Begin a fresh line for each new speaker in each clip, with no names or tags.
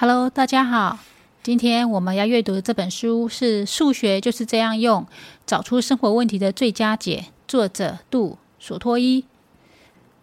Hello，大家好。今天我們要閱讀的這本書是《數學就是這樣用：找出生活問題的最佳解》，作者杜索托伊。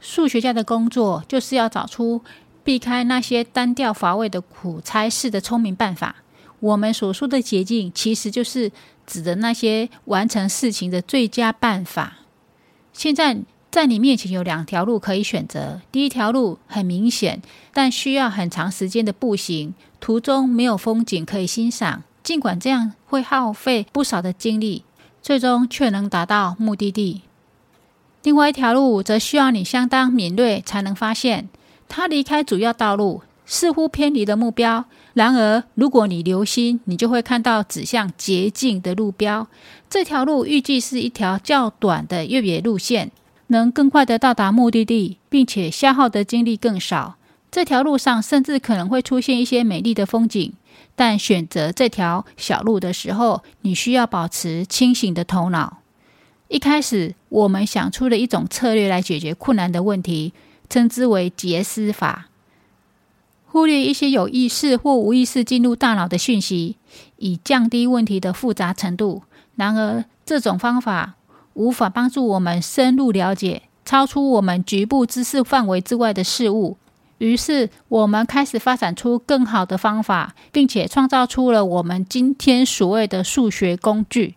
數學家的工作就是要找出避開那些單調乏味的苦差事的聰明辦法。我們所說的捷徑，其實就是指的那些完成事情的最佳辦法。現在。在你面前有兩條路可以選擇。第一條路很明顯，但需要很長時間的步行，途中沒有風景可以欣賞。儘管這樣會耗費不少的精力，最終卻能達到目的地。另外一條路則需要你相當敏銳才能發現。它離開主要道路，似乎偏離了目標。然而，如果你留心，你就會看到指向捷徑的路標。這條路預計是一條較短的越野路線。能更快的到達目的地，並且消耗的精力更少。這條路上甚至可能會出現一些美麗的風景，但選擇這條小路的時候，你需要保持清醒的頭腦。一開始，我們想出了一種策略來解決困難的問題，稱之為“捷思法”，忽略一些有意識或無意識進入大腦的訊息，以降低問題的複雜程度。然而，這種方法，無法幫助我們深入了解超出我們局部知識範圍之外的事物。於是，我們開始發展出更好的方法，並且創造出了我們今天所謂的數學工具。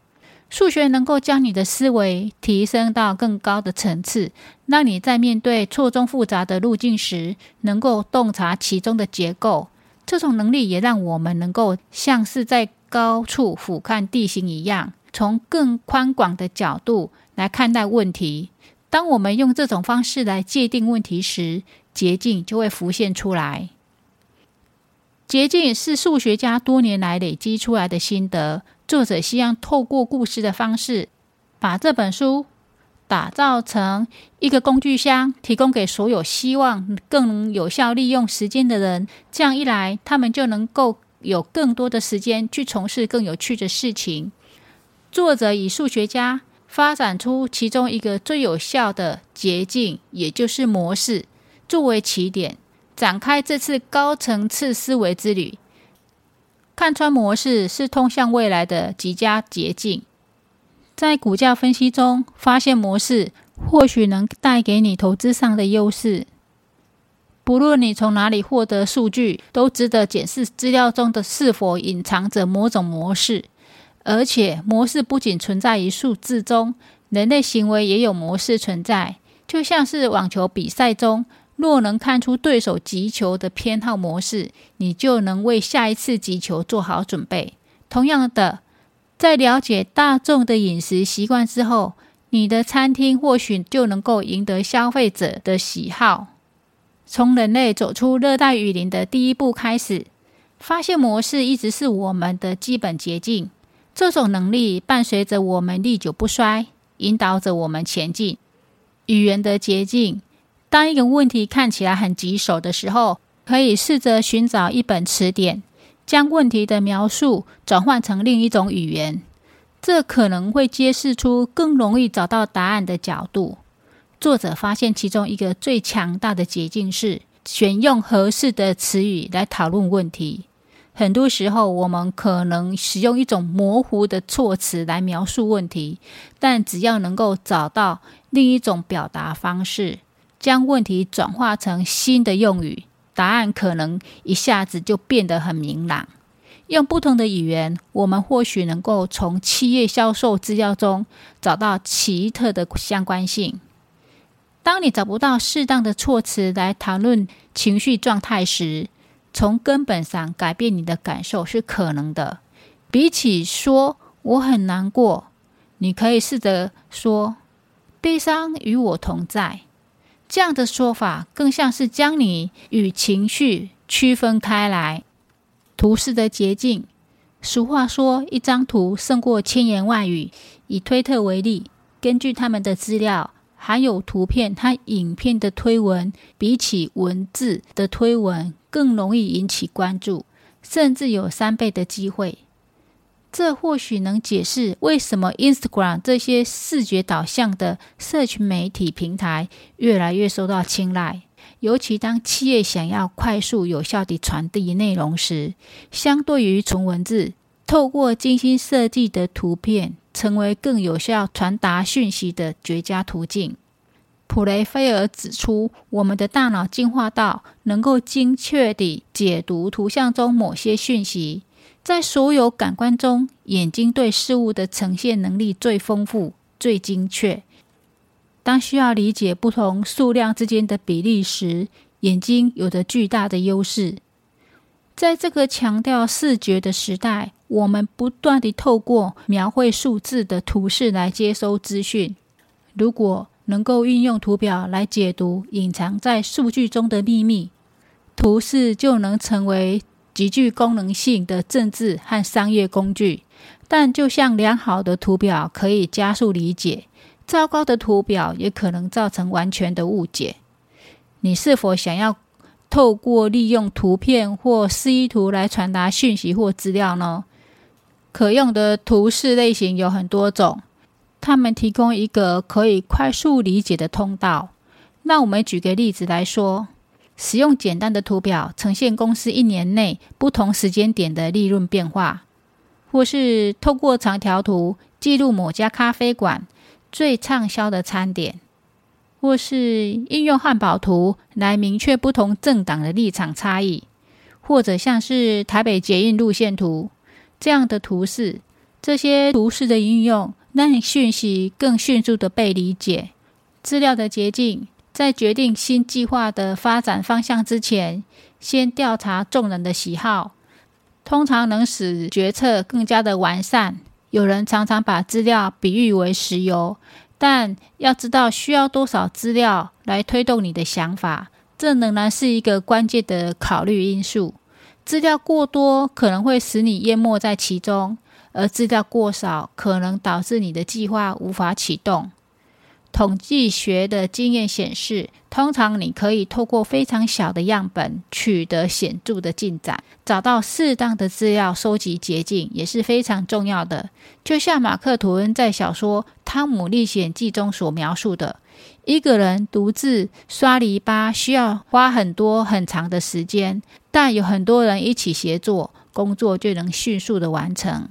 數學能夠將你的思維提升到更高的層次，讓你在面對錯綜複雜的路徑時，能夠洞察其中的結構。這種能力也讓我們能夠像是在高處俯瞰地形一樣。從更寬廣的角度來看待問題。當我們用這種方式來界定問題時，捷徑就會浮現出來。捷徑是數學家多年來累積出來的心得，作者希望透過故事的方式，把這本書打造成一個工具箱，提供給所有希望更能有效利用時間的人。這樣一來，他們就能夠有更多的時間去從事更有趣的事情。作者以數學家發展出其中一個最有效的捷徑，也就是模式，作為起點，展開這次高層次思維之旅。看穿模式是通向未來的極佳捷徑。在股價分析中，發現模式，或許能帶給你投資上的優勢。不論你從哪裡獲得數據，都值得檢視資料中的是否隱藏着某種模式。而且模式不僅存在於數字中，人類行為也有模式存在。就像是網球比賽中，若能看出對手擊球的偏好模式，你就能為下一次擊球做好準備。同樣的，在了解大眾的飲食習慣之後，你的餐廳或許就能夠贏得消費者的喜好。從人類走出熱帶雨林的第一步開始，發現模式一直是我們的基本捷徑。這種能力伴隨着我們歷久不衰，引導着我們前進。語言的捷徑，當一個問題看起來很棘手的時候，可以試着尋找一本詞典，將問題的描述轉換成另一種語言。這可能會揭示出更容易找到答案的角度。作者發現其中一個最強大的捷徑是選用合適的詞語來討論問題。很多時候，我們可能使用一種模糊的措辭來描述問題，但只要能夠找到另一種表達方式，將問題轉化成新的用語，答案可能一下子就變得很明朗。用不同的語言，我們或許能夠從企業銷售資料中找到奇特的相關性。當你找不到適當的措辭來談論情緒狀態時，從根本上改變你的感受是可能的。比起說我很難過，你可以試着說“悲傷與我同在”。這樣的說法更像是將你與情緒區分開來。圖示的捷徑。俗話說：“一張圖勝過千言萬語。”以推特為例，根據他們的資料，含有圖片和影片的推文，比起文字的推文。更容易引起關注，甚至有三倍的機會。這或許能解釋為什麼 Instagram 這些視覺導向的社群媒體平台越來越受到青睞，尤其當企業想要快速有效地傳遞內容時，相對於純文字，透過精心設計的圖片成為更有效傳達訊息的絕佳途徑。普雷菲爾指出，我們的大腦進化到能夠精確地解讀圖像中某些訊息。在所有感官中，眼睛對事物的呈現能力最豐富、最精確。當需要理解不同數量之間的比例時，眼睛有着巨大的優勢。在這個強調視覺的時代，我們不斷地透過描繪數字的圖示來接收資訊。如果能夠運用圖表來解讀隱藏在數據中的秘密，圖示就能成為極具功能性的政治和商業工具。但就像良好的圖表可以加速理解，糟糕的圖表也可能造成完全的誤解。你是否想要透過利用圖片或示意圖來傳達訊息或資料呢？可用的圖示類型有很多種。他們提供一個可以快速理解的通道。那我們舉個例子來說，使用簡單的圖表呈現公司一年內不同時間點的利潤變化，或是透過長條圖記錄某家咖啡館最暢銷的餐點，或是應用漢堡圖來明確不同政黨的立場差異，或者像是台北捷運路線圖這樣的圖示。這些圖示的應用，讓訊息更迅速的被理解。資料的捷徑，在決定新計劃的發展方向之前，先調查眾人的喜好，通常能使決策更加的完善。有人常常把資料比喻為石油，但要知道需要多少資料來推動你的想法，這仍然是一個關鍵的考慮因素。資料過多可能會使你淹沒在其中。而資料過少可能導致你的計劃無法啟動。統計學的經驗顯示，通常你可以透過非常小的樣本取得顯著的進展。找到適當的資料收集捷徑也是非常重要的。就像馬克·吐溫在小說《湯姆歷險記》中所描述的，一個人獨自刷籬笆需要花很多很長的時間，但有很多人一起協作，工作就能迅速地完成。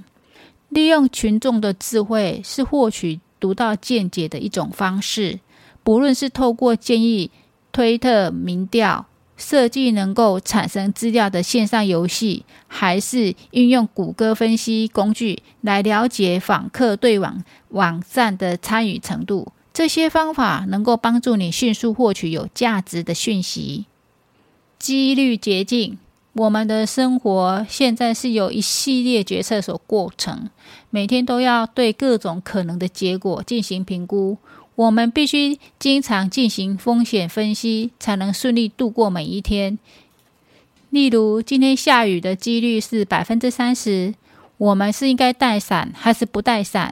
利用群眾的智慧是獲取獨到見解的一種方式。不論是透過建議推特民調、設計能夠產生資料的線上遊戲，還是運用谷歌分析工具來了解訪客對網網站的參與程度，這些方法能夠幫助你迅速獲取有價值的訊息。幾率捷徑。我們的生活現在是由一系列決策所構成，每天都要對各種可能的結果進行評估。我們必須經常進行風險分析，才能順利度過每一天。例如，今天下雨的幾率是百分之三十，我們是應該帶傘還是不帶傘？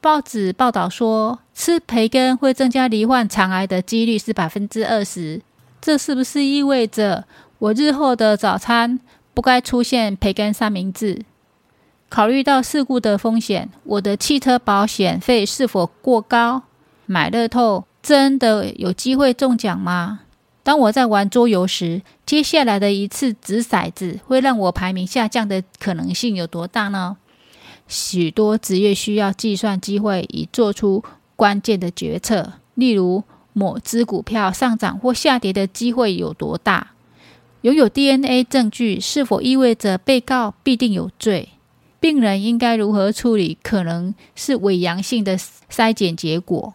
報紙報道說，吃培根會增加罹患腸癌的幾率是百分之二十，這是不是意味着？我日後的早餐不該出現培根三明治。考慮到事故的風險，我的汽車保險費是否過高？買樂透真的有機會中獎嗎？當我在玩桌遊時，接下來的一次擲骰子會讓我排名下降的可能性有多大呢？許多職業需要計算機會以做出關鍵的決策，例如某隻股票上漲或下跌的機會有多大。擁有 DNA 證據是否意味着被告必定有罪？病人應該如何處理可能是偽陽性的篩檢結果？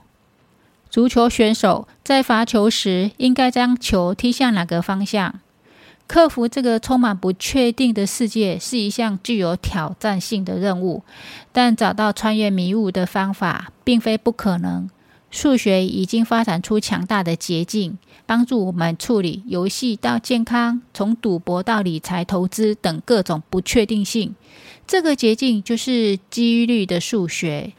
足球選手在罰球時應該將球踢向哪個方向？克服這個充滿不確定的世界是一項具有挑戰性的任務，但找到穿越迷霧的方法並非不可能。數學已經發展出強大的捷徑，幫助我們處理遊戲到健康、從賭博到理財投資等各種不確定性。這個捷徑就是機率的數學。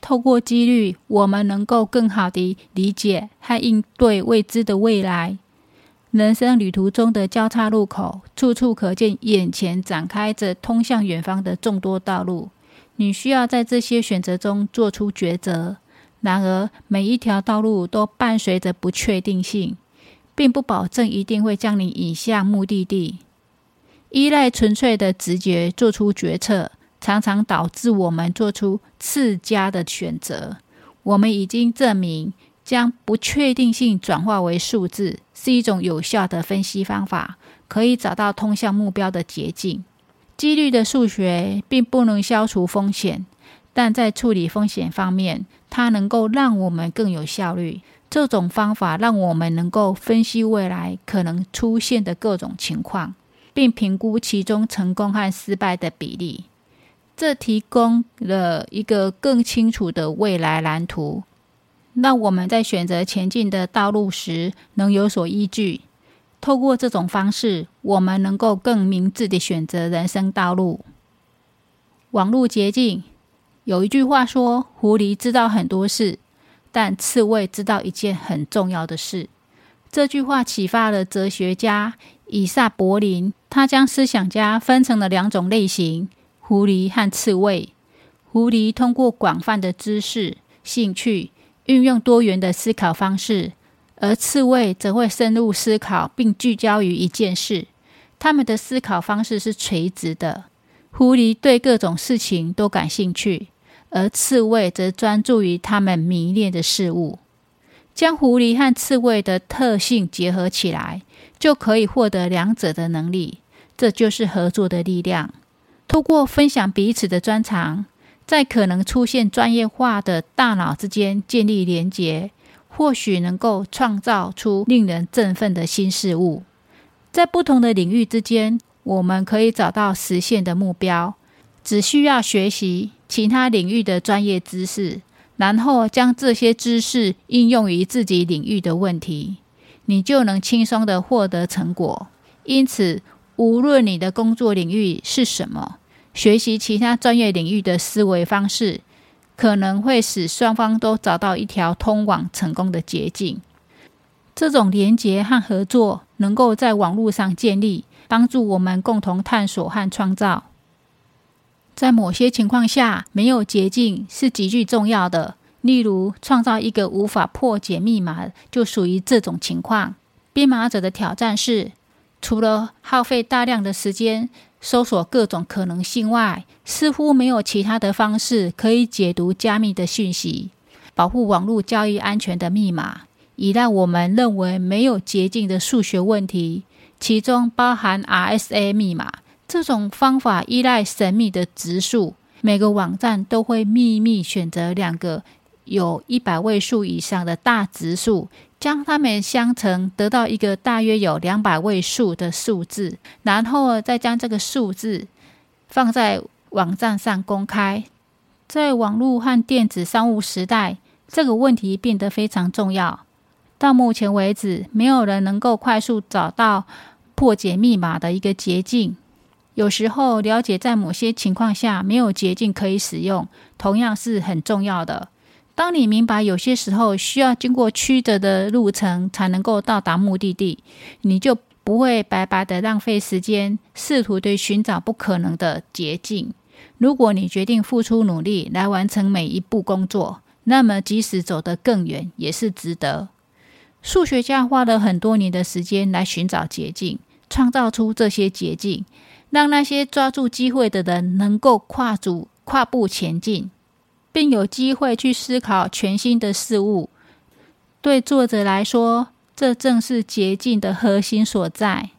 透過機率，我們能夠更好地理解和應對未知的未來。人生旅途中的交叉路口，處處可見，眼前展開着通向遠方的眾多道路。你需要在這些選擇中做出抉擇。然而，每一條道路都伴隨着不確定性，並不保證一定會將你引向目的地。依賴純粹的直覺做出決策，常常導致我們做出次佳的選擇。我們已經證明，將不確定性轉化為數字是一種有效的分析方法，可以找到通向目標的捷徑。幾率的數學並不能消除風險。但在處理風險方面，它能夠讓我們更有效率。這種方法讓我們能夠分析未來可能出現的各種情況，並評估其中成功和失敗的比例。這提供了一個更清楚的未來藍圖，讓我們在選擇前進的道路時能有所依據。透過這種方式，我們能夠更明智地選擇人生道路。網路捷徑。有一句話說：“狐狸知道很多事，但刺蝟知道一件很重要的事。”這句話啟發了哲學家以薩柏林，他將思想家分成了兩種類型：狐狸和刺蝟。狐狸通過廣泛的知識、興趣，運用多元的思考方式；而刺蝟則會深入思考並聚焦於一件事。他們的思考方式是垂直的。狐狸對各種事情都感興趣。而刺蝟則專注於他們迷戀的事物。將狐狸和刺蝟的特性結合起來，就可以獲得兩者的能力。這就是合作的力量。通過分享彼此的專長，在可能出現專業化的大腦之間建立連結，或許能夠創造出令人振奮的新事物。在不同的領域之間，我們可以找到實現的目標，只需要學習。其他領域的專業知識，然後將這些知識應用於自己領域的問題，你就能輕鬆地獲得成果。因此，無論你的工作領域是什麼，學習其他專業領域的思維方式，可能會使雙方都找到一條通往成功的捷徑。這種連接和合作能夠在網絡上建立，幫助我們共同探索和創造。在某些情況下，沒有捷徑是極具重要的。例如，創造一個無法破解密碼就屬於這種情況。編碼者的挑戰是，除了耗費大量的時間搜索各種可能性外，似乎沒有其他的方式可以解讀加密的訊息，保護網絡交易安全的密碼，以讓我們認為沒有捷徑的數學問題，其中包含 RSA 密碼。這種方法依賴神秘的質數，每個網站都會秘密選擇兩個有一百位數以上的大質數，將它們相乘，得到一個大約有兩百位數的數字，然後再將這個數字放在網站上公開。在網絡和電子商務時代，這個問題變得非常重要。到目前為止，沒有人能夠快速找到破解密碼的一個捷徑。有時候，了解在某些情況下沒有捷徑可以使用，同樣是很重要的。當你明白有些時候需要經過曲折的路程才能夠到達目的地，你就不會白白的浪費時間，試圖對尋找不可能的捷徑。如果你決定付出努力來完成每一步工作，那麼即使走得更遠，也是值得。數學家花了很多年的時間來尋找捷徑，創造出這些捷徑。讓那些抓住機會的人能夠跨足、跨步前進，並有機會去思考全新的事物。對作者來說，這正是捷徑的核心所在。